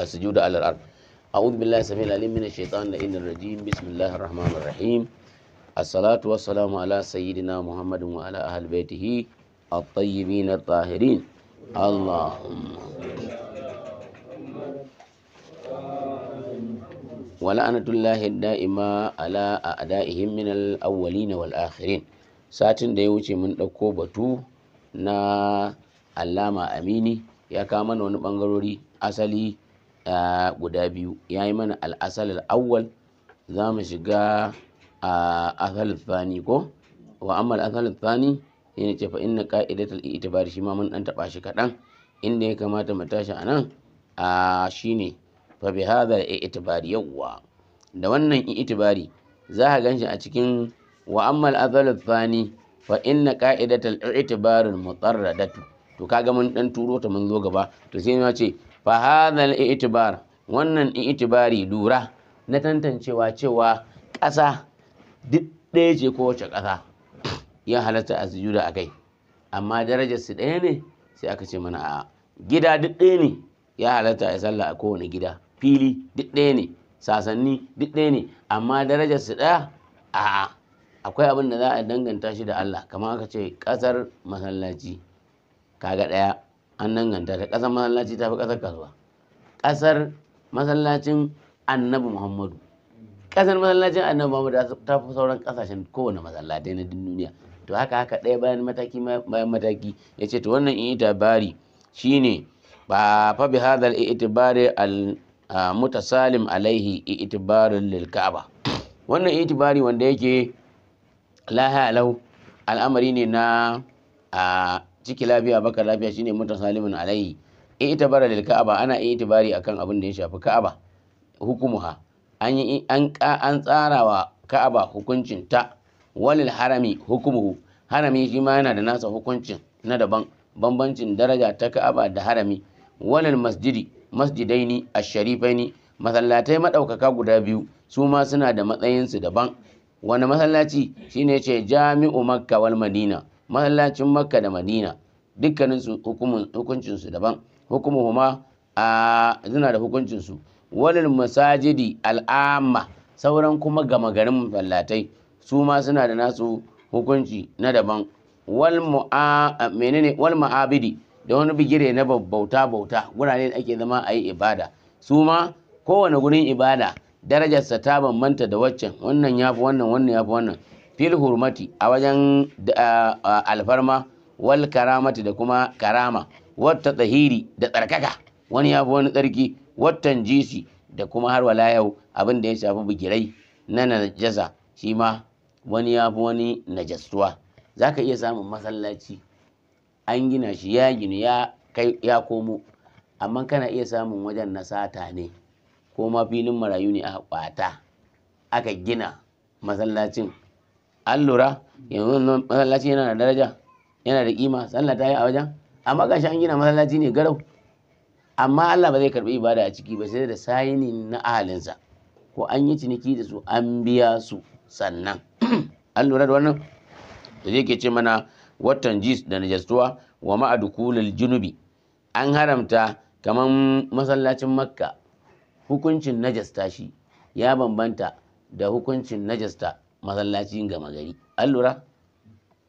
as-sujudu ala al-ard a'udhu billahi samil alim minash shaitanir rajim bismillahir rahmanir rahim as-salatu was-salamu ala sayyidina muhammadin wa ala ahli baitihi at-tayyibin at ولعنة الله الدائمة على أعدائهم من الأولين والآخرين satin da ya wuce mun ɗauko batu na allama amini ya kama mana wani ɓangarori asali guda biyu ya yi mana al'asal awwal za mu shiga a asalin thani ko wa amma al'asal thani sai ce fa inna qa'idatul i'tibari shi ma mun dan taba shi kadan inda ya kamata mu tashi anan a shine fa bi hadha al-i'tibari yawwa da wannan i'tibari za ka ganshi a cikin wa amma al-asalin thani fa inna qa'idatul da mutarradatu to kaga mun dan turo ta mun zo gaba to sai ma ce fahadhal i'tibar wannan i'tibari lura na tantancewa cewa ƙasa duk ɗaya ce kowace ƙasa ya halatta a sujuda a kai amma darajar su ɗaya ne sai aka ce mana a gida duk ɗaya ne ya halatta a sallah a kowane gida fili duk ɗaya ne sasanni duk ɗaya ne amma darajar su ɗaya a akwai abin da za a danganta shi da Allah kamar aka ce ƙasar masallaci kaga ɗaya an danganta da ƙasar masallaci ta fi ƙasar kasuwa ƙasar masallacin annabi muhammadu ƙasar masallacin annabi muhammadu ta fi sauran kasashen kowane masallatai na duniya to haka haka ɗaya bayan mataki bayan mataki ya ce to wannan in shi shine ba fa bi hadal itibari al mutasalim alaihi itibarin lil ka'aba wannan itibari wanda yake lahalau al'amari ne na ciki lafiya baka lafiya shine in alaihi bara lil ka'aba ana i'tibari akan abin da ya shafi ka'aba hukumuha an yi an an tsarawa ka'aba hukuncin ta walil harami hukumuhu harami shi ma yana da nasa hukuncin na daban bambancin daraja ta ka'aba da harami walil masjidi masjidaini asharifaini sharifaini masallatai madaukaka guda biyu su ma suna da matsayinsu daban wani masallaci shine ce jami'u makka wal madina mahallacin makka da madina dukkanin su hukuncin su daban kuma a suna da hukuncin su walil masajidi al'amma sauran kuma gama garin masallatai su ma suna da nasu hukunci na daban wal menene wal ma'abidi da wani bigire na bauta bauta gurare da ake zama a yi ibada su ma kowane gurin ibada darajarsa ta bambanta da waccan wannan yafi wannan wannan yafi wannan fil hurmati a wajen alfarma wal karamati da kuma karama wata tsahiri da tsarkaka wani ya fi wani tsarki watan jisi da kuma har wala yau abin da ya shafi bugirai na najasa shi ma wani ya fi wani najasuwa za ka iya samun masallaci an gina shi ya ginu ya komo amma kana iya samun wajen na sata ne ko ma filin marayu ne a kwata aka gina masallacin an lura yanzu masallaci yana da daraja yana da kima sallah ta yi a wajen amma gashi an gina masallaci ne garau amma Allah ba zai karbi ibada a ciki ba sai da sayini na ahalinsa ko an yi ciniki da su an biya su sannan an lura da wannan da zai ke ce mana watan jis da najastuwa wa ma'adukulul junubi an haramta kamar masallacin makka hukuncin najasta shi ya bambanta da hukuncin najasta Masallaci gama gari an lura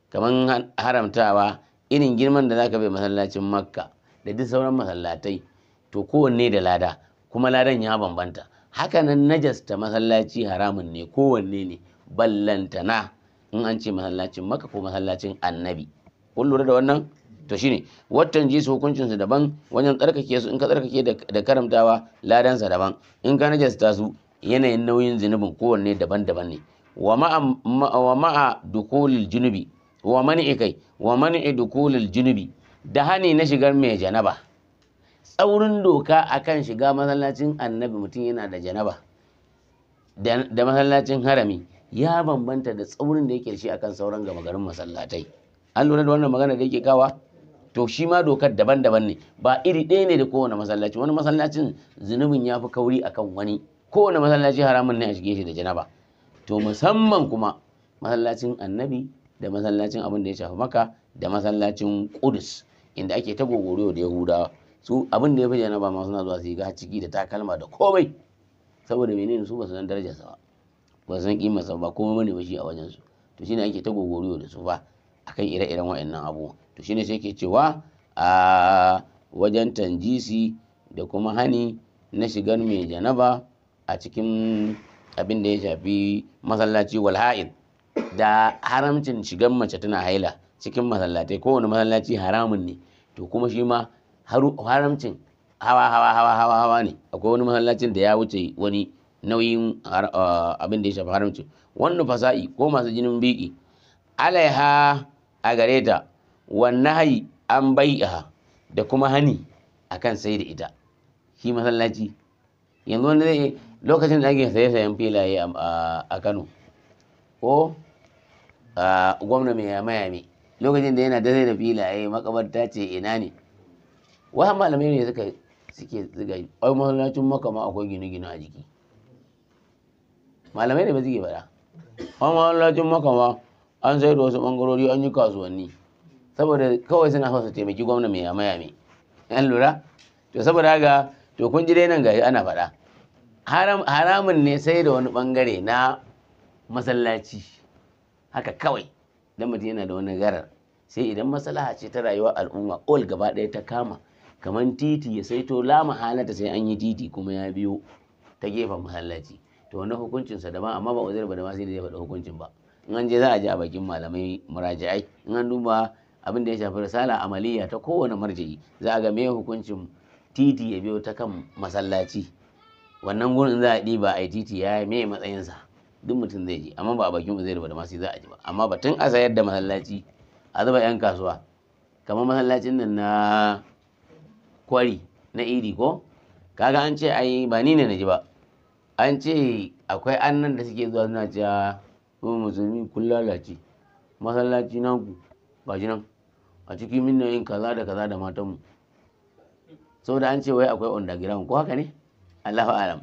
kamar haramtawa irin girman da zaka bai masallacin makka da duk sauran masallatai to kowanne da lada kuma ladan ya bambanta hakanan najasta masallaci haramun ne kowanne ne ballantana in an ce masallacin makka ko masallacin annabi kun lura da wannan to shine wattan ji hukuncin su daban wajen tsarkake su in ka tsarkake da karamtawa ladansa daban in ka najasta su yanayin nauyin zinubin kowanne daban-daban ne wa ma'a dukulil junubi wa mani'i kai wa mani'i dukulil junubi da hani na shigar mai janaba tsaurin doka akan shiga masallacin annabi mutum yana da janaba da masallacin harami ya bambanta da tsaurin da yake shi akan sauran gama garin masallatai an lura da wannan magana da yake kawa to shi ma dokar daban-daban ne ba iri ɗaya ne da kowane masallaci wani masallacin zunubin ya fi kauri akan wani kowane masallaci haramun ne a shige shi da janaba to musamman kuma masallacin annabi da masallacin abin da ya shafi maka da masallacin kudus inda ake ta gogoriyo da yahudawa su abin da ya fi janaba ma suna zuwa su yi ga ciki da takalma da komai saboda menene su ba su san darajarsa ba ba san kimarsa ba komai bane ba a wajen su to shine ake ta gogoriyo da su ba kan ire-iren wa'annan abubuwa, to shine sai ke cewa a wajen tanjisi da kuma hani na shigar mai janaba a cikin abin da ya shafi masallaci wal ha'id da haramcin shigan mace tana haila cikin masallatai wani masallaci haramun ne to kuma shi ma haramcin hawa hawa hawa hawa hawa ne akwai wani masallacin da ya wuce wani nauyin abin da ya shafi haramcin wannan fasa'i ko masu jinin biki alaiha a gare ta wannan hayi an bai'a da kuma hani akan sai da ita shi masallaci yanzu wani zai lokacin da ake saye-sayen filaye a kano ko a gwamna mai mayami lokacin da yana dare da filaye ta ce ina ne wasu malamai ne suka suke ziga ai masallacin makama akwai gine-gine a jiki malamai ne ba suke faɗa an masallacin makama an sai da wasu bangarori an yi kasuwanni saboda kawai suna so su taimaki gwamna mai mayami yan lura to saboda haka to kun ji dai nan gari ana faɗa haramun ne sai da wani bangare na masallaci haka kawai dan mutum yana da wani garar sai idan maslaha ce ta rayuwar al'umma ol gaba ɗaya ta kama kamar titi ya saito la mahalata sai an yi titi kuma ya biyo ta gefen masallaci to wannan hukuncinsa da amma ba uzair ba da ma sai da ya faɗa hukuncin ba in an je za a ji a bakin malamai muraji'ai in an duba abin da ya shafi risala amaliya ta kowane marja'i za a ga me hukuncin titi ya biyo ta kan masallaci wannan gurin za a ɗiba a yi titi ya me matsayinsa duk mutum zai ji amma ba a bakin uzairu ba da masu za a ji ba amma batun a sayar da masallaci a zuba yan kasuwa kamar masallacin nan na kwari na iri ko kaga an ce ai ba ni ne na ji ba an ce akwai annan da suke zuwa suna cewa kuma musulmi kun lalace masallaci naku ba ji nan a cikin minna yin kaza da kaza da matanmu saboda an ce wai akwai underground ko haka ne Allahu alam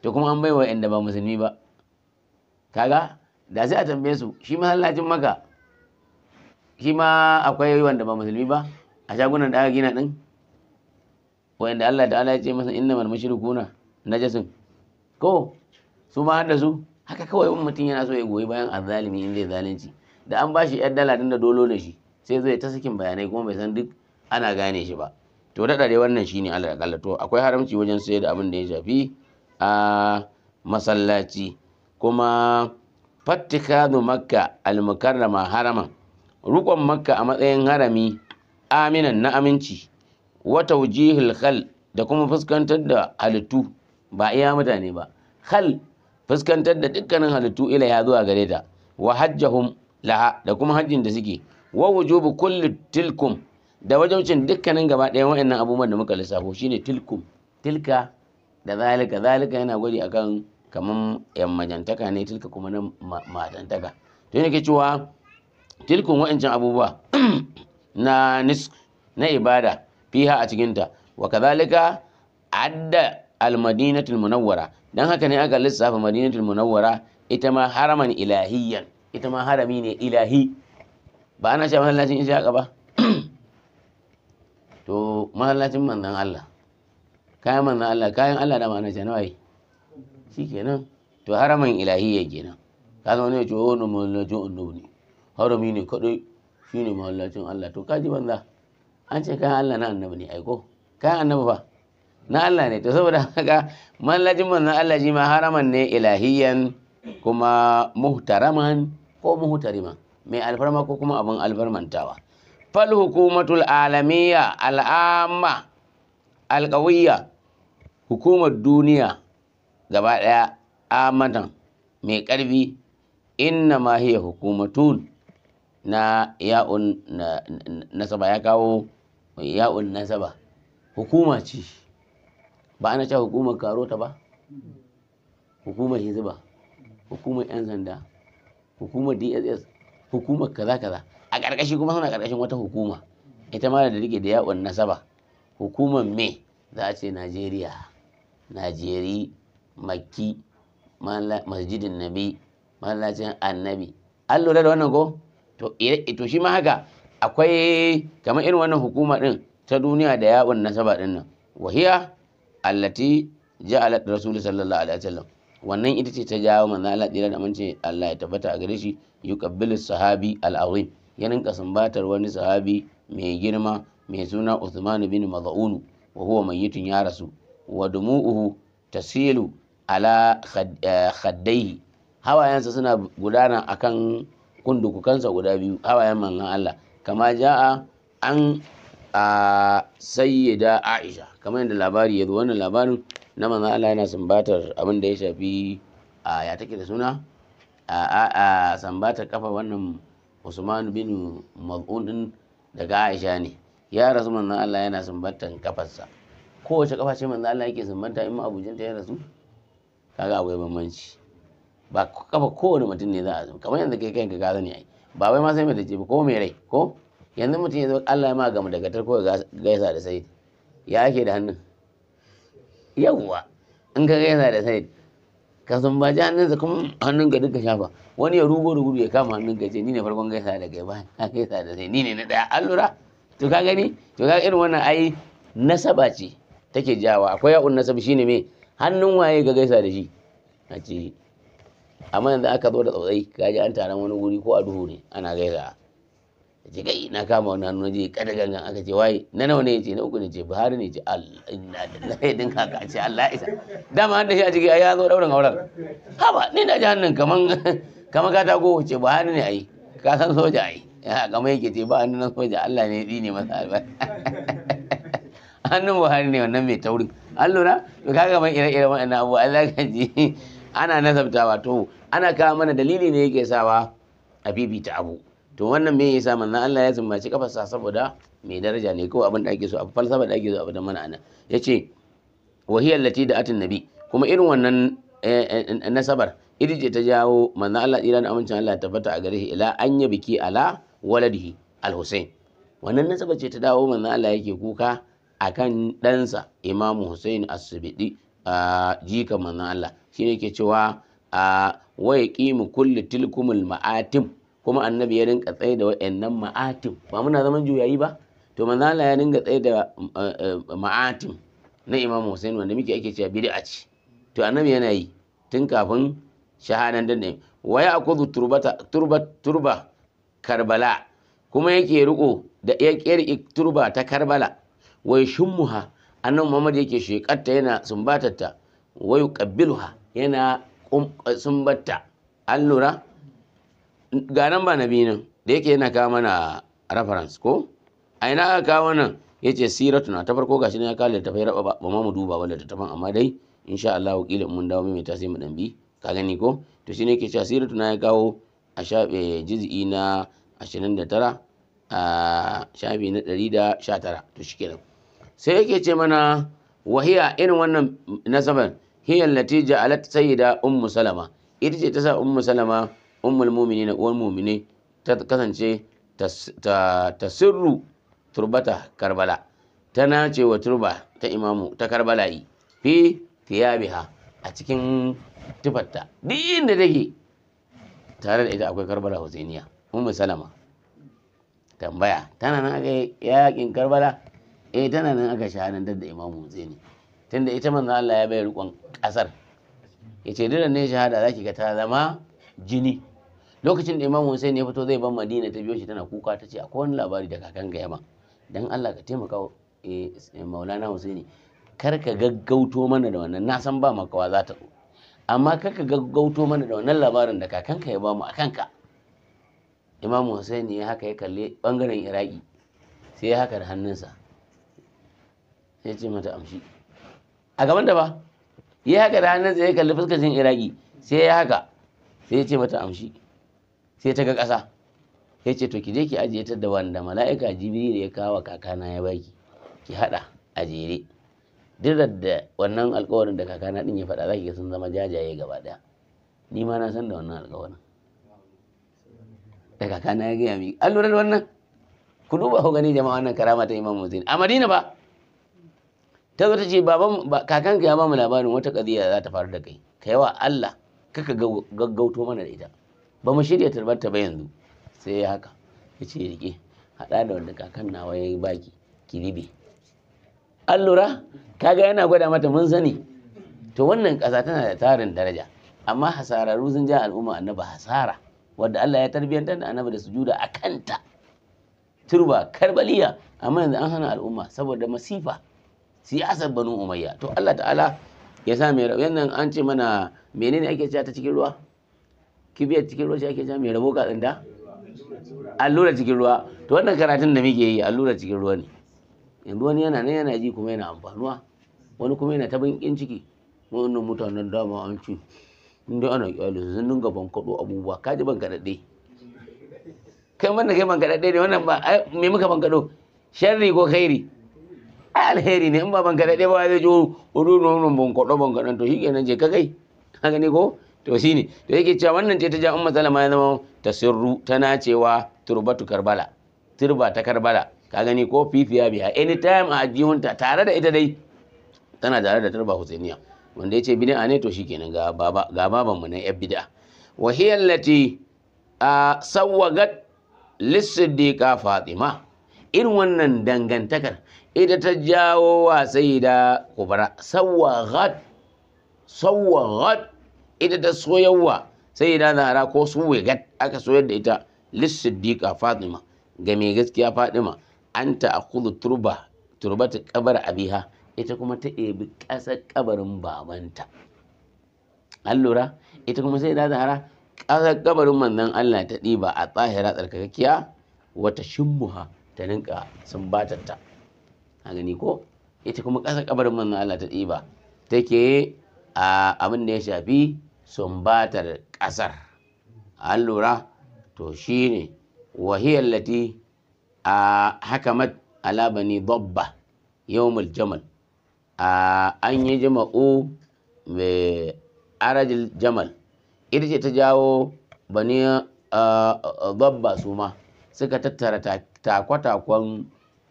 to kuma an baiwa inda ba musulmi ba kaga da sai a tambaye su shi masallacin maka shi ma akwai wanda ba musulmi ba a shagunan da aka gina din wanda Allah ta'ala ya ce masa mal mushrikuna najasun ko su ma da su haka kawai in mutum yana so ya goyi bayan azzalimi in zai zalunci da an bashi yar dala din da dolo da shi sai zai ta sakin bayanai kuma bai san duk ana gane shi ba to daɗaɗe wannan shine ne akalla to akwai haramci wajen sayar da abin da ya shafi a masallaci kuma fattikadu makka almukarrama harama rukon makka a matsayin harami aminan na aminci wata wujihil khal da kuma fuskantar da halittu ba iya mutane ba khal fuskantar da dukkanin halittu ila ya zuwa gare ta wa hajjahum laha da kuma hajjin da suke wa wujubu kullu tilkum da wajaucin dukkanin gaba ɗayan wa'annan abubuwan da muka lissafo shine tilkum tilka da zalika zalika yana gwadi akan kaman majantaka ne tilka kuma na matantaka to yana ke cewa tilkun wa'ancin abubuwa na nisk na ibada fiha a cikinta wa kazalika adda almadinatul munawwara dan haka ne aka lissafa madinatul munawwara ita ma haraman ilahiyan ita ma harami ne ilahi ba ana cewa masallacin isa ba to mahallacin manzan Allah kayan manzan Allah kayan Allah da ma'ana ce nawayi shikenan to haramin ilahiyya kenan ka zama ne ce wani mahallacin Allah ne harami ne kadai shine mahallacin Allah to kaji banza an ce kayan Allah na annabi ne aiko kayan annabi fa na Allah ne to saboda haka mahallacin manzan Allah shi ma haraman ne ilahiyyan kuma muhtaraman ko muhtariman mai alfarma ko kuma abin alfarmantawa fal hukumatul alamiya al'amma alƙawiyya hukumar duniya gaba ɗaya amatan mai ƙarfi inna ma hiya hukumatun na ya'un nasaba ya kawo ya'un nasaba hukuma ce ba ana cewa hukumar karota ba hukumar hizba hukumar 'yan sanda hukumar dss hukumar kaza kaza a ƙarƙashi kuma suna ƙarƙashin wata hukuma ita ma da rike da yawon nasaba hukumar me za a ce najeriya najeri makki masjidin nabi masallacin annabi an lura da wannan ko to eh, shi ma haka akwai kamar irin wannan hukuma din ta duniya da yawon nasaba din nan wahiya allati ja'alat rasulu sallallahu alaihi wasallam wannan ita ce ta jawo manzo Allah tsira da amince Allah ya tabbata a gare shi yuqabbilu sahabi al-azim ya rinka sumbatar wani sahabi mai girma mai suna Uthman bin Maz'un wa huwa mayyitun ya rasu wa dumu'uhu tasilu ala eh, khaddaihi hawayensa suna gudana akan kundukukansa guda biyu hawayen mangan Allah kama ja'a an a sayyida Aisha kamar yadda labari ya zo wannan labarin na manzon Allah yana sumbatar abin da ya shafi a ya take da suna a a sambatar kafa wannan usman bin Mad'un din daga aisha ne ya rasu manzon Allah yana sumbantan kafarsa kowace kafa ce manzon Allah yake sumbanta in ma abujinta ya rasu kaga akwai bambanci ba kafa kowane mutum ne za a zama. kamar yanzu kai kanka ka sani ai ba wai ma sai mai dace ba ko mai rai ko yanzu mutum ya zo Allah ya ma gamu daga tarko gaisa da sai ya ake da hannun yawwa in ka gaisa da sai ka san ba ji hannunsa kuma ga duka shafa wani ya rugo rugu ya kama hannunka ce ni ne farkon gaisa da kai ka gaisa da sai ni ne na daya allura to ka gani to ka irin wannan ai nasaba ce take jawa akwai ya'un nasab shine me hannun waye ga gaisa da shi a ce amma yanzu aka zo da tsautsai ka ji an taron wani guri ko a duhu ne ana gaisa ce kai na kama wani hannu je kada gangan aka ce waye na nawa ne ce na uku ne ce buhari ne ce allah na ya dinka ka ce allah isa dama da shi a ciki ya zo daurin auren haba ni na ji hannun kaman kaman katako ce buhari ne ai ka san soja ai kamar yake ce ba hannun soja allah ne ya masa albarka hannun buhari ne wannan mai taurin an lura to kaga mai ire-ire waɗannan abubuwa allah ka ji ana nasabtawa to ana kawo mana dalili ne yake sawa a bibita abu to wannan me yasa manzon Allah ya zumbaci kafarsa saboda mai daraja ne ko abin da ake so a falsafa da ake so a da mana anan yace wahiyar lati da atin nabi kuma irin wannan eh, eh, eh, nasabar ita ce ta jawo manzon Allah da amincin Allah ta fata a gare shi ila an yi biki ala waladihi al-Husain wannan nasabar ce ta dawo manzon Allah yake kuka akan ɗansa Imam Hussein As-Sibidi a jika manzon Allah shine yake cewa wa yaqimu kulli tilkumul ma'atim kuma annabi ya rinka tsaye da wa'annan ma'atim ba muna zaman juyayi ba to manzala ya rinka tsaye da eh, eh, ma'atim na imam Hussein wanda muke ake cewa bid'a ce to annabi yana yi tun kafin shahadan dan waya akudu turbata turba turba karbala kuma yake riko da yake turba ta karbala wai shummuha annabi Muhammad yake shekatta yana sumbatarta wai qabbiluha yana eh, sumbatta an lura ga nan ba nabi nan da yake yana kawo mana reference ko a ina aka kawo nan ya ce na ta farko gashi ne ya kawo littafai raba ba ma mu duba ba littafan amma dai insha Allah wakilin mun dawo mai ta sai mu dan bi ka gani ko to shine yake cewa na ya kawo a shafe eh, juz'i na 29 a shafi na 119 to shikenan sai yake ce mana wahiya irin wannan nasaban hiya allati ja'alat sayyida ummu salama ita ce ta sa ummu salama ummul na uwan mumini ta kasance ta sirru turbata karbala ta nace wa turba ta imamu ta karbala yi fi tiyabiha a cikin tufarta duk inda take tare da ita akwai karbala husainiya ummu salama tambaya tana nan aka yakin karbala eh tana nan aka shahadantar da imamu husaini tunda ita manzo Allah ya bayar rikon kasar yace dole ne shahada zaki ga ta zama jini lokacin da imamu Hussein ya fito zai ban Madina ta biyo shi tana kuka ta ce akwai wani labari da kakan ga yama dan Allah ka taimaka eh, eh, Maulana Husaini kar ka gaggauto mana da wannan na san ba makawa za ta zo amma kar ka gaggauto mana da wannan labarin da kakanka ya bamu a kanka imamu Husaini ya haka ya kalle bangaren Iraki sai ya haka da hannunsa sai ce mata amshi a gaban da ba ya haka da hannunsa ya kalli fuskacin Iraki sai ya haka sai ya ce mata amshi sai ta ga ƙasa ya ce to ki je ki ajiye ta da wanda mala'ika jibiri da ya kawo kakana ya baki ki haɗa a jere duk da wannan alkawarin da kakana ɗin ya faɗa za ki ga sun zama jajaye gaba ɗaya ni ma na san da wannan alkawarin da kakana ya gaya miki an lura da wannan ku duba ku gani jama'a wannan karama ta imam musulmi a madina ba ta zo ta ce kakanka ya ba mu labarin wata ƙadiyya za ta faru da kai kai wa allah kaka gaggauto mana da ita ba mu shirya tarbarta ba yanzu sai ya haka ya ce rike haɗa da wanda kakan nawa ya yi baki ki ribe an lura kaga yana gwada mata mun sani to wannan ƙasa tana da tarin daraja amma hasararru sun ja al'umma annaba hasara wadda Allah ya tarbiyyantar da annaba da sujuda a kanta turba karbaliya amma yanzu an hana al'umma saboda masifa siyasar banu umayya to Allah ta'ala ya sa mai nan an ce mana menene ake cewa ta cikin ruwa kibiyar cikin ruwa shi ake ja mai rabo ka tsinda allura cikin ruwa to wannan karatun da muke yi allura cikin ruwa ne in wani yana nan yana ji kuma yana amfanuwa wani kuma yana ta bankin ciki wannan mutanen dama an ci inda ana kyale su sun dinga bankaɗo abubuwa ka ji bankaɗaɗɗe kai wannan kai bankaɗaɗɗe ne wannan ba me muka kaɗo sharri ko khairi ai alheri ne in ba bankaɗaɗɗe ba zai ji wani wani ban kaɗan to shi kenan je ka kai ka ne ko to ne to yake cewa wannan ce ta ja ummu salama ya zama ta sirru tana cewa turbatu karbala turba ta karbala ka gani ko fifiya biya anytime a ajihunta tare da ita dai tana tare da turba husainiya wanda ya ce a ne to shi kenan ga baban mu na yar bid'a wa hiya allati sawwagat ka fatima irin wannan dangantakar ita ta jawo wa sayyida kubra sawwagat sawwagat ita ta soyarwa sai ina zahara ko su wegat aka soyar da ita lissiddiqa fatima ga mai gaskiya fatima anta akhudhu turba turbata kabar abiha ita kuma ta ebi kasar kabarin babanta an lura ita kuma sai ina zahara kasar kabarin manzon Allah ta ɗiba a tsahira tsarkakakkiya wata shimmuha ta ninka sumbatarta a gani ko ita kuma kasar kabarin manzon Allah ta ɗiba take a abin da ya shafi sumbatar ƙasar an lura to shine wahiyar lati a hakamat alabani babba yawmul jamal a an yi jama'u mai arajil jamal ita ce ta jawo bani babba su ma suka tattara takwatakon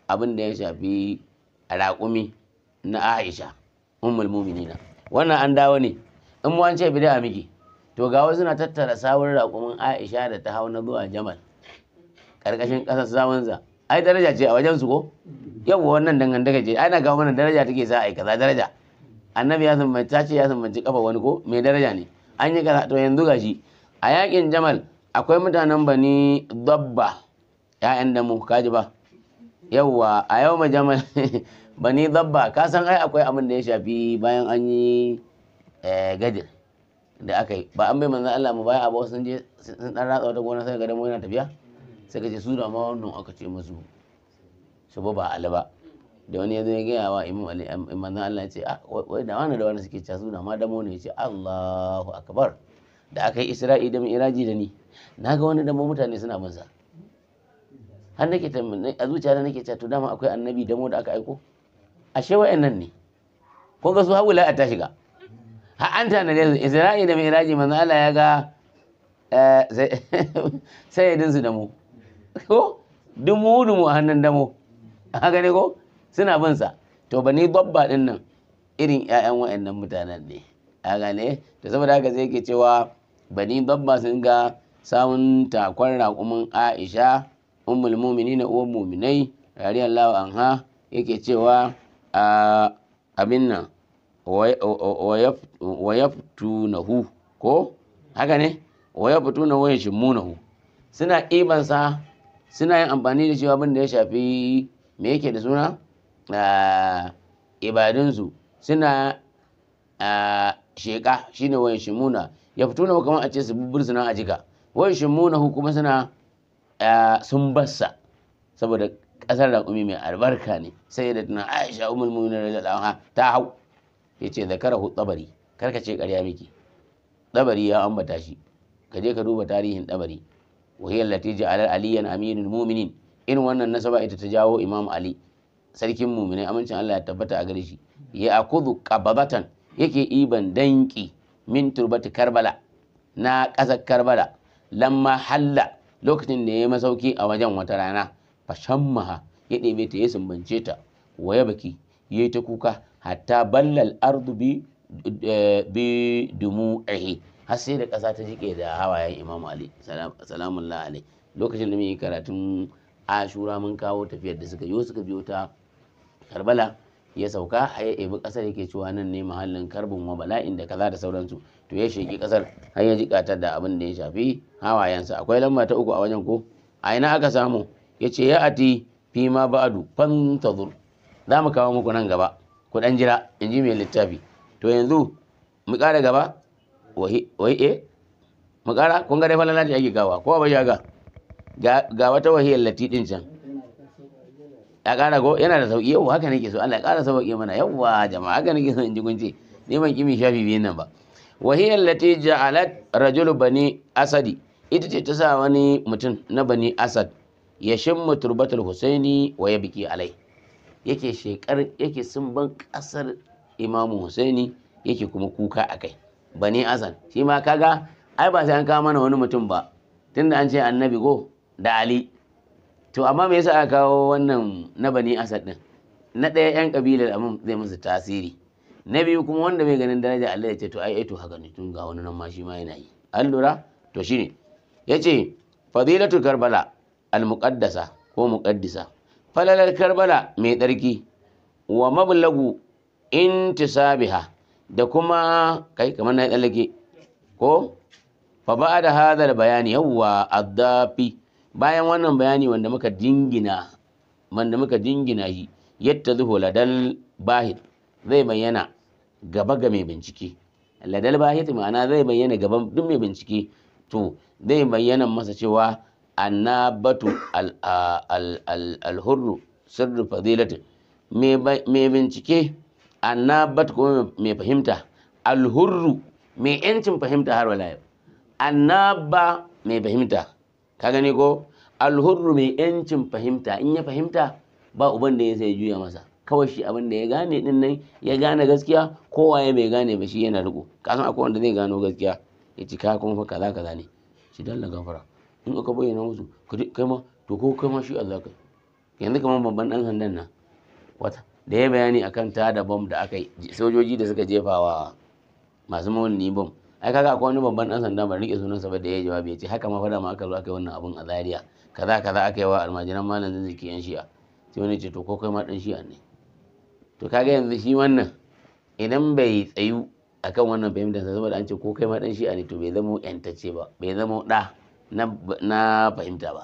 abin da ya shafi raƙumi na aisha ummul muminina wannan an dawo ne in mu an ce bid'a miki to ga wasu na tattara sawun raƙumin Aisha da ta hau na zuwa Jamal karkashin ƙasar zamanza ai daraja ce a wajen su ko yau wannan dangantaka ce na ga wannan daraja take sa ai kaza daraja annabi ya zambanci ta ce ya zambanci kafa wani ko mai daraja ne an yi kaza to yanzu gashi a yakin Jamal akwai mutanen bani dabba ya'yan da mu kaji ba yawwa a yau ma Jamal bani dabba ka san ai akwai abin da ya shafi bayan an yi Eh, gadir da aka yi ba an bai manzan Allah mu baya ba wasu sun je sun dan ratsa wata gona sai ga damo yana tafiya sai ka ce su da ma wannan aka ce musu su ba ba da wani ya zo ya gaya wa imam ali manzan Allah ya ce ah wai da wani da wani suke cewa su da ma damo ne ya ce Allahu akbar da aka yi Isra'i da Mi'raji da ni naga wani damo mutane suna bin sa har nake a zuciya da nake cewa to dama akwai annabi damo da aka aiko ashe wa'annan ne kun ga su hawula a ta shiga an tanade su isra'i da miraji manzo Allah ya ga eh, sai ya dinsu ko dumu dumu a hannun damo a gane ko suna bin sa to ba ni babba din nan irin ƴaƴan waɗannan mutanen ne a gane to saboda haka sai yake cewa ba ni babba sun ga samun takon raƙumin Aisha ummul na uwan mu'minai radiyallahu anha yake cewa ah, abin nan wa ya yaftunahu ko haka ne wa yaftunahu wa yashmunahu suna ibansa suna yin amfani da cewa abin da ya shafi me yake da suna ah, ibadunsu suna ah, sheƙa shine wayan shimuna ya fito na kamar a ce su bubbur suna a jika wayan shimuna kuma suna ah, sun bassa saboda kasar da mai albarka ne sai da tunan aisha umar mu'minin radiyallahu anha ta hau yace zakarahu tsabari karka ce karya miki tsabari ya ambata shi ka je ka duba tarihin tsabari wa hiya allati ja'ala aliyan aminul mu'minin in wannan nasaba ita ta jawo imam ali sarkin mu'minai amincin Allah ya tabbata a gare shi ya akudu qababatan yake iban danki min turbati karbala na ƙasar karbala lamma halla lokacin da ya yi masauki a wajen wata rana fashammaha ya ɗebe ta ya sumbance ta waya baki ya yi ta kuka hatta ballal ardu bi bi dumu'ihi har sai da ƙasa ta jike da hawayen Imam Ali salamun la lokacin da muke karatun Ashura mun kawo tafiyar da suka yi suka biyo ta Karbala ya sauka har ya ebi ƙasar yake cewa nan ne mahallin karbin wa bala'in da kaza da sauransu to ya sheki ƙasar har ya jikata da abin da ya shafi hawayensa akwai lamba ta uku a wajen ko a ina aka samu ya ce ya ati fi ma ba'adu fantazur za mu kawo muku nan gaba ku dan jira in ji mai littafi to yanzu mu ƙara gaba wai eh mu ƙara kun ga dai falala ta ake gawa kowa bai ga ga wata wahiyar lati din can ya ƙara go yana da sauƙi yau haka nake so Allah ya ƙara sauƙi mana yawa jama'a haka nake so in ji kun ce ni ban kimi shafi biyan nan ba wahiyar lati ja'alat rajul bani asadi ita ce ta sa wani mutum na bani asad ya shimma turbatul husaini wa ya biki alai yake shekar yake sumban kasar imamu husaini yake kuma kuka a kai bani azan shi ma kaga ai ba sai an kawo mana wani mutum ba tunda an ce annabi go da ali to amma me yasa aka kawo wannan na bani asad din na ɗaya yan kabilar amin zai musu tasiri na biyu kuma wanda mai ganin daraja Allah ya ce to ai to haka ne tun ga wani nan ma shi ma yana yi an lura to shine yace fadilatu karbala al muqaddasa ko muqaddisa falalar karbala mai tsarki wa mablagu intisabiha da kuma kai kamar na tsallake ko fa ba da hadar bayani yawwa addafi bayan wannan bayani wanda muka dingina wanda muka dingina shi yadda zuho ladal bahir zai bayyana gaba ga mai bincike ladal bahir ma'ana zai bayyana gaban duk mai bincike to zai bayyana masa cewa annabatu al-hurru sirri fadilati mai bincike annabatu kuma mai fahimta alhurru mai yancin fahimta har wala yau annaba mai fahimta ka gani ko alhurru mai yancin fahimta in ya fahimta ba uban da ya sai juya masa kawai shi abin da ya gane din nan ya gane gaskiya kowa ya bai gane ba shi yana riko kasan akwai wanda zai gano gaskiya ya ci ka kuma fa kaza kaza ne shi dalla gafara in aka bayyana musu kai ma to ko kai ma shi Allah kai yanzu kamar babban dan handan nan wata da ya bayani akan ta da bom da aka yi sojoji da suka jefa wa masu mawuni bom ai kaga akwai wani babban dan sanda ba rike sa ba da ya jawabi ya ce haka ma fada ma aka zo aka yi wannan abun a Zaria kaza kaza aka yi wa almajiran malam zazzaki yan shi'a sai wani ce to ko kai ma dan shi'a ne to kaga yanzu shi wannan idan bai tsayu akan wannan fahimtar saboda an ce ko kai ma dan shi'a ne to bai zama yantacce ba bai zama da na fahimta ba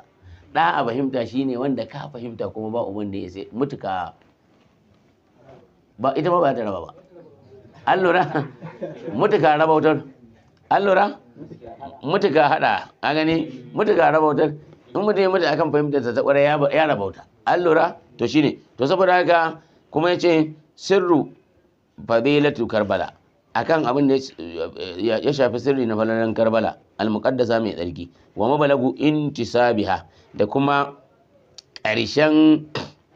ɗa a fahimta shine wanda ka fahimta kuma ba umar da ya sai mutuka ba ita ma ba ta raba ba an lura mutuka raba wutar an lura mutuka hada a gani mutuka raba wutar in mutum ya mutu akan fahimtar ta tsakwara ya raba wuta an lura to shine to saboda haka kuma ya ce sirru fadilatu karbala akan abin da ya shafi sirri na falalan karbala almuqaddasa mai tsarki wa mabalagu intisabiha da kuma ƙarshen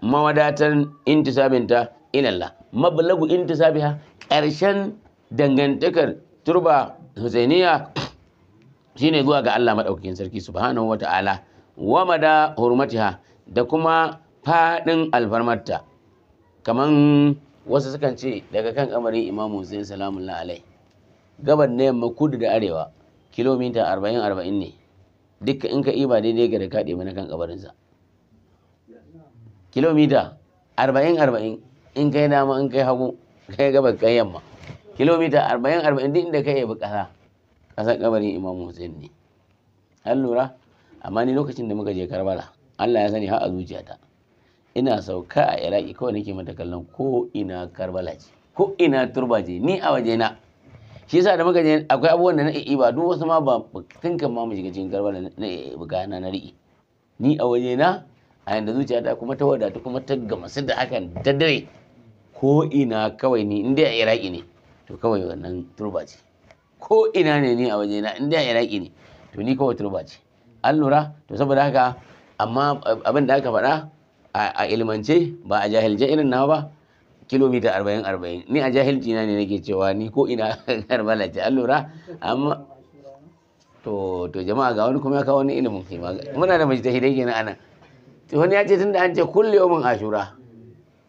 mawadatan intisabinta Allah, mabalagu intisabiha ƙarshen dangantakar turba husainiya shine zuwa ga Allah madaukakin sarki subhanahu wata'ala wa mada hurmatiha da kuma fadin alfarmarta kaman wasu sukan ce daga kan kamarin imamu zai salamun la'alai gabar na yamma kudu da arewa kilomita arba'in arba'in ne dukka in ka iba daidai ga da kaɗe mana kan kabarinsa kilomita arba'in arba'in in kai dama in kai hagu kai gabar kai yamma kilomita arba'in arba'in duk inda ka yabi ƙasa ƙasar kabarin imamu zai ne an lura amma ni lokacin da muka je karbala allah ya sani har a zuciyata ina sauka a iraki kawai nake mata kallon ko ina karbala ce ko ina turba ce ni a waje na shi yasa da muka je akwai abubuwan da na iya ba duk wasu ma ba tinka ma mu shiga cikin karbala na iya na na ri'i ni a waje na a yanda zuciyata kuma ta wadatu kuma ta gamsu da hakan daddare. dare ko ina kawai ni inda a iraki ne to kawai wannan turba ce ko ina ne ni a waje na inda a iraki ne to ni kawai turba ce an lura to saboda haka amma abin da aka faɗa a ilmance ba a jahilce irin na ba kilomita arba'in arba'in ni a jahilci na ne nake cewa ni ko ina karbala ce an lura amma to to jama'a ga wani kuma ya kawo ni ilimin kai muna da mujtahidai kenan ana. to wani ya ce tunda an ce kulli yawmin ashura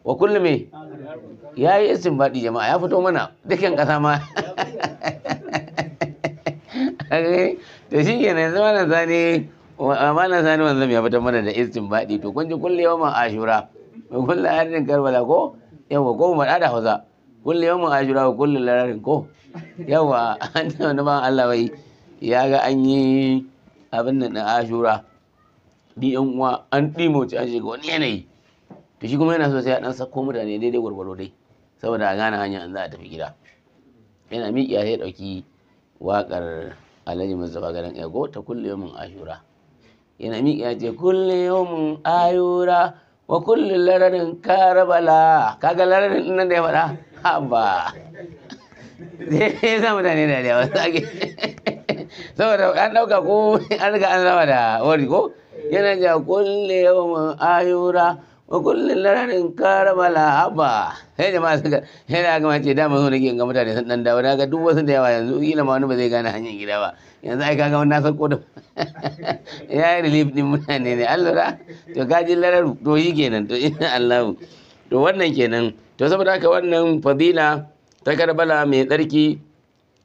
wa kulli me yayi istinbadi jama'a ya fito mana dukkan ƙasa ma to shi kenan zama na zane amana sani wanzam ya fitar mana da baɗi. to kun ji kulle yawmin ashura kulle harin karbala ko yawa ko mu da hausa kulle yawmin ashura ko kulle lararin ko yawa an wani ban Allah bai ya ga an yi abin nan na ashura ni yan uwa an ci an shiga wani yanayi to shi kuma yana so sai a dan sako mutane daidai gwargwaro dai saboda a gane hanya an za a tafi gida yana miƙiya sai ya ɗauki waƙar alhaji mustapha garin ego ta kulle min ashura yana miƙe ya ce kulle yawmin ayura wa kulle lararin karabala kaga lararin nan da ya faɗa haba zai sa mutane da yawa saboda an ɗauka ko an riga an zama da wari ko yana ja kulle yawmin ayura wa kullun lararin karama lahaba sai jama'a masu ga da gama ce dama zo nake in ga mutane sun dan dawo na ga duk wasu da yawa yanzu kila ma wani ba zai gane hanyar gida ba yanzu ai kaga wannan sako da ya yi relief din mutane ne allura to kajin lararu to yi kenan to inna allahu to wannan kenan to saboda haka wannan fadila ta karbala mai tsarki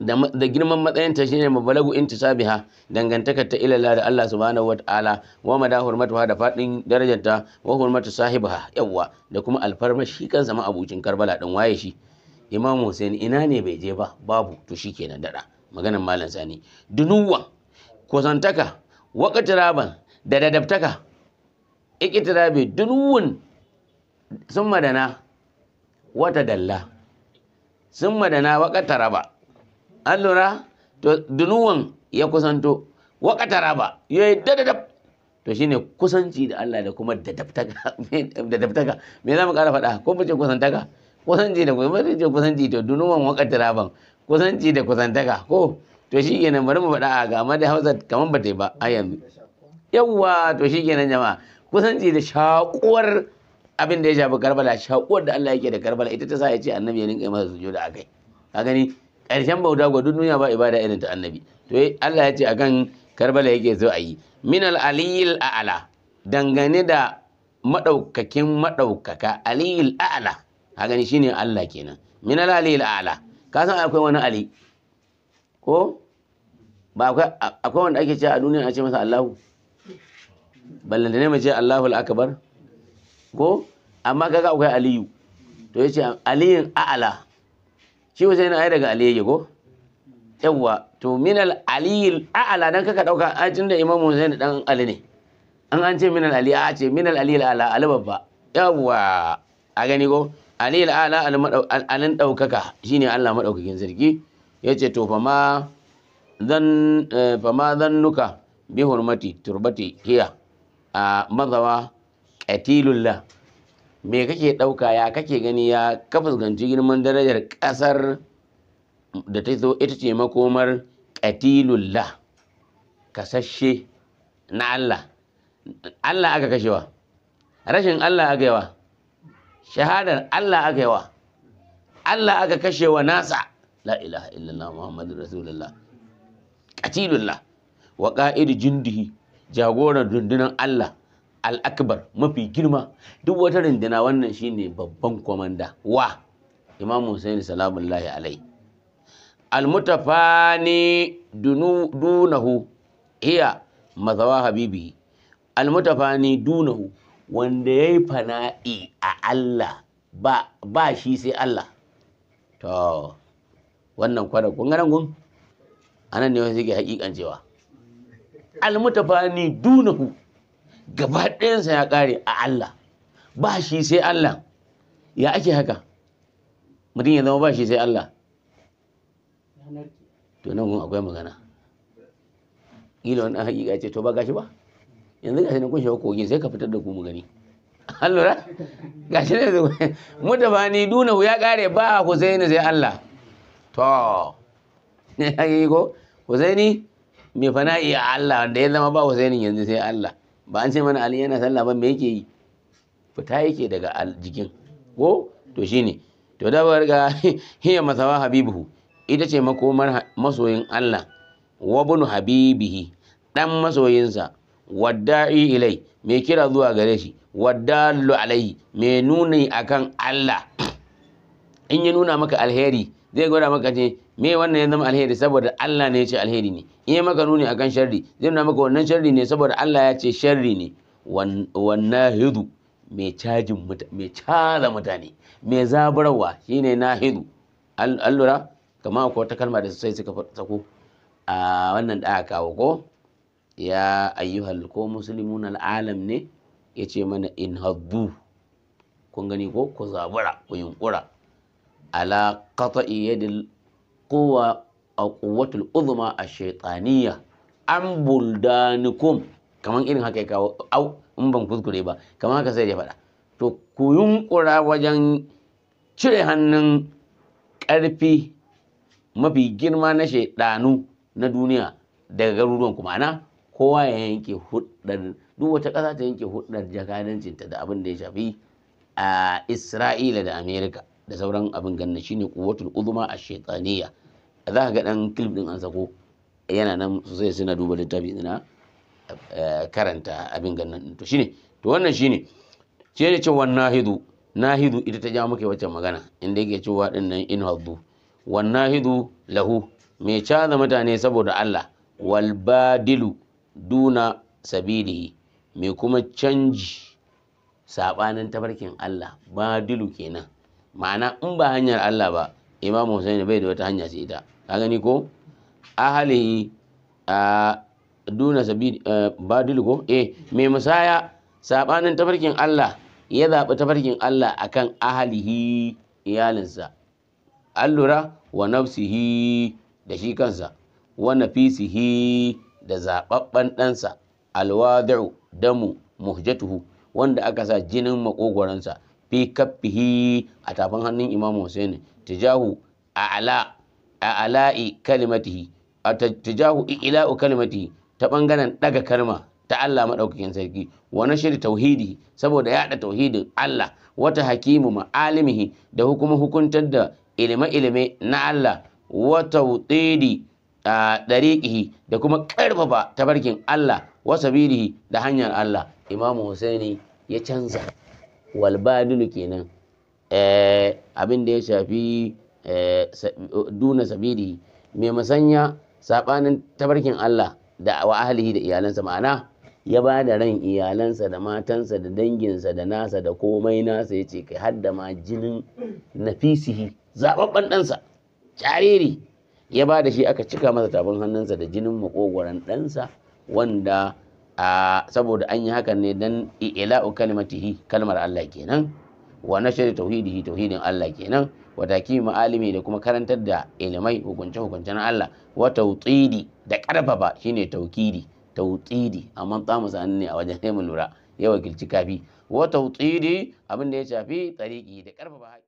da girman matsayin ta shine mabalagu intisabiha dangantaka ta ilalla da Allah subhanahu wataala wa mada hurmatuha da fadin darajarta wa hurmatu sahibiha yawwa da kuma alfarma shi kansa ma abucin Karbala din waye shi Imam Hussein ina ne bai je ba babu to shikenan dada maganan malam Sani dunuwan kusantaka waqtiraban da dadabtaka ikitirabi dunuwan sun madana wata dalla sun madana waqtaraba an lura to dunuwan ya kusanto katara ba ya yi dadadab to shine kusanci da Allah da kuma dadabtaka me zama mu ƙara faɗa ko mace kusantaka kusanci da kusanci kusanci to dunuwan katara ban kusanci da kusantaka ko to shi kenan bari mu faɗa a amma da hausa kamar ba ta yi ba a yanzu yawwa to shi kenan jama'a kusanci da shakuwar abin da ya shafi karbala shakuwar da Allah yake da karbala ita ta sa ya ce annabi ya rinka yi masa sujuda akai a gani ƙarshen bauta ga duniya ba ibada irin ta annabi to eh, Allah ya ce akan karbala yake zo a yi min al-aliyil a'ala dangane da madaukakin madaukaka aliyil a'ala a gani shine Allah kenan min al-aliyil a'ala ka san akwai wani ali ko ba akwai wanda ake cewa a duniya a ce masa Allahu ballan da ne mace Allahu al-akbar ko amma kaga akwai aliyu to yace aliyin a'ala shi wajen yana ai daga aliyu go yawwa to min minal aliyil a'la dan kaka dauka a da imam Hussein dan ali ne an an ce min al ali a ce min minal aliyil ala al babba yawwa a gani go aliyil ala al alin daukaka shine Allah madaukakin sarki yace to fa ma dan eh, fa ma dan nuka bi hurmati turbati hiya a mazawa qatilullah me kake ɗauka ya kake gani ya ka fuskanci girman darajar ƙasar da ta zo ita ce makomar Katilulla, kasashe na Allah Allah aka kashewa rashin Allah aka yawa shahadar Allah aka yawa Allah aka kashewa nasa la ilaha illallah Muhammadu rasulullah Katilulla. wa ƙa'id jindihi jagoran dundunan Allah al'akbar mafi girma duk wata rindina wannan shine babban kwamanda wa imam husaini salamullahi alai almutafani dunahu iya mazawa habibi almutafani dunahu wanda ya yi fana'i a Allah ba, ba shi sai Allah to wannan kwanar gungaran gun anan ne wasu ke hakikan cewa almutafani dunahu gaba ɗayansa ya ƙare a Allah ba shi sai Allah ya ake haka mutum ya zama ba shi sai Allah to nan gun akwai magana ila wannan hakika ce to ba gashi ba yanzu gashi na kunshe shawo kogin sai ka fitar da ku mu gani an lura gashi ne mu da ba ni duna ya ƙare ba Husaini sai Allah to ne yi ko Husaini mai fana'i a Allah wanda ya zama ba Husaini yanzu sai Allah ba an ce mana ali yana sallah ba me yake yi fita yake daga jikin ko to shine to da ba riga hiya masawa habibuhu ita ce makomar masoyin Allah wa bunu habibihi dan masoyinsa wadda'i ilai mai kira zuwa gare shi waddallu alaihi mai nuni akan Allah in ya nuna maka alheri zai gwada maka ce me wannan ya zama alheri saboda Allah ne ya ce alheri ne in ya maka nuni akan sharri zai nuna maka wannan sharri ne saboda Allah ya ce sharri ne wannan hidu mai cajin mai caza mutane mai zaburarwa shine na hidu allura kamar akwai wata kalma da sai suka sako a wannan da aka kawo ko ya ayyuhal ko muslimun al'alam ne ya ce mana in haddu kun gani ko ku zabura ku yunkura ala qata'i yadil quwa aw quwwatul uzma a shaytaniyya an buldanikum kaman irin haka ya kawo au in ban kuskure ba kaman haka sai ya faɗa to ku yunƙura wajen cire hannun ƙarfi mafi girma na shaiɗanu na duniya daga garuruwan ku ma'ana kowa ya yanke hudar duk wata ƙasa ta yanke hudar jakadancinta da abinda ya shafi a isra'ila da amerika da sauran abin ganna shine quwwatul uzma a shaytaniyya za ka ga dan clip din an sako yana nan sosai suna duba littafi ina eh, karanta abin gannan to shine to wannan shine ce ne cewa nahidu nahidu ita ta ja muke wacce magana inda yake cewa din nan in haddu wan lahu me caza mutane saboda Allah wal badilu duna sabili me kuma canji sabanin tabarkin Allah badilu kenan ma'ana in ba hanyar Allah ba Imam Hussein bai da wata hanya sai ita ka gani ko ahalihi a duna sabi badil ko eh mai musaya sabanin tafarkin Allah ya zaɓi tafarkin Allah akan ahalihi iyalinsa allura wa nafsihi da shi kansa wa nafisihi da zaɓaɓɓen ɗansa alwadu damu muhjatuhu wanda aka sa jinin makogoransa fi kaffihi a tafin hannun imam Hussein tijahu a'la'i kalimatihi tijahu i'la'u kalimatihi ta bangaren ɗaga kalma ta Allah madaukakin sarki wa shirin tauhidi saboda yaɗa tauhidin Allah wata hakimu ma'alimihi da hukuma hukuntar da ilime-ilime na Allah wata wutsidi a ɗariƙihi da kuma ƙarfafa tabarkin Allah wasa da hanyar Allah imamu Husaini ya canza walbadilu kenan eh, abin da ya shafi eh, duna sabili mai musanya sabanin tabarkin Allah da wa ahlihi da iyalansa ma'ana ya ba da ran iyalansa da matansa da danginsa da nasa da komai nasa ya ce kai hadda ma jinin nafisihi zababban ɗansa jariri ya ba da shi aka cika masa tafin hannunsa da jinin makogoron ɗansa wanda saboda an yi hakan ne dan i'la'u kalmatihi kalmar Allah kenan wa nashri tauhidihi tauhidin Allah kenan wa takimi ma'alimi da kuma karantar da ilimai hukunce hukunce na Allah wa tawtidi da karfafa shine tawkidi tawtidi amma tsamu sanin ne a wajen sai mu lura ya wakilci kafi wa tawtidi abin da ya shafi tsariki da karfafa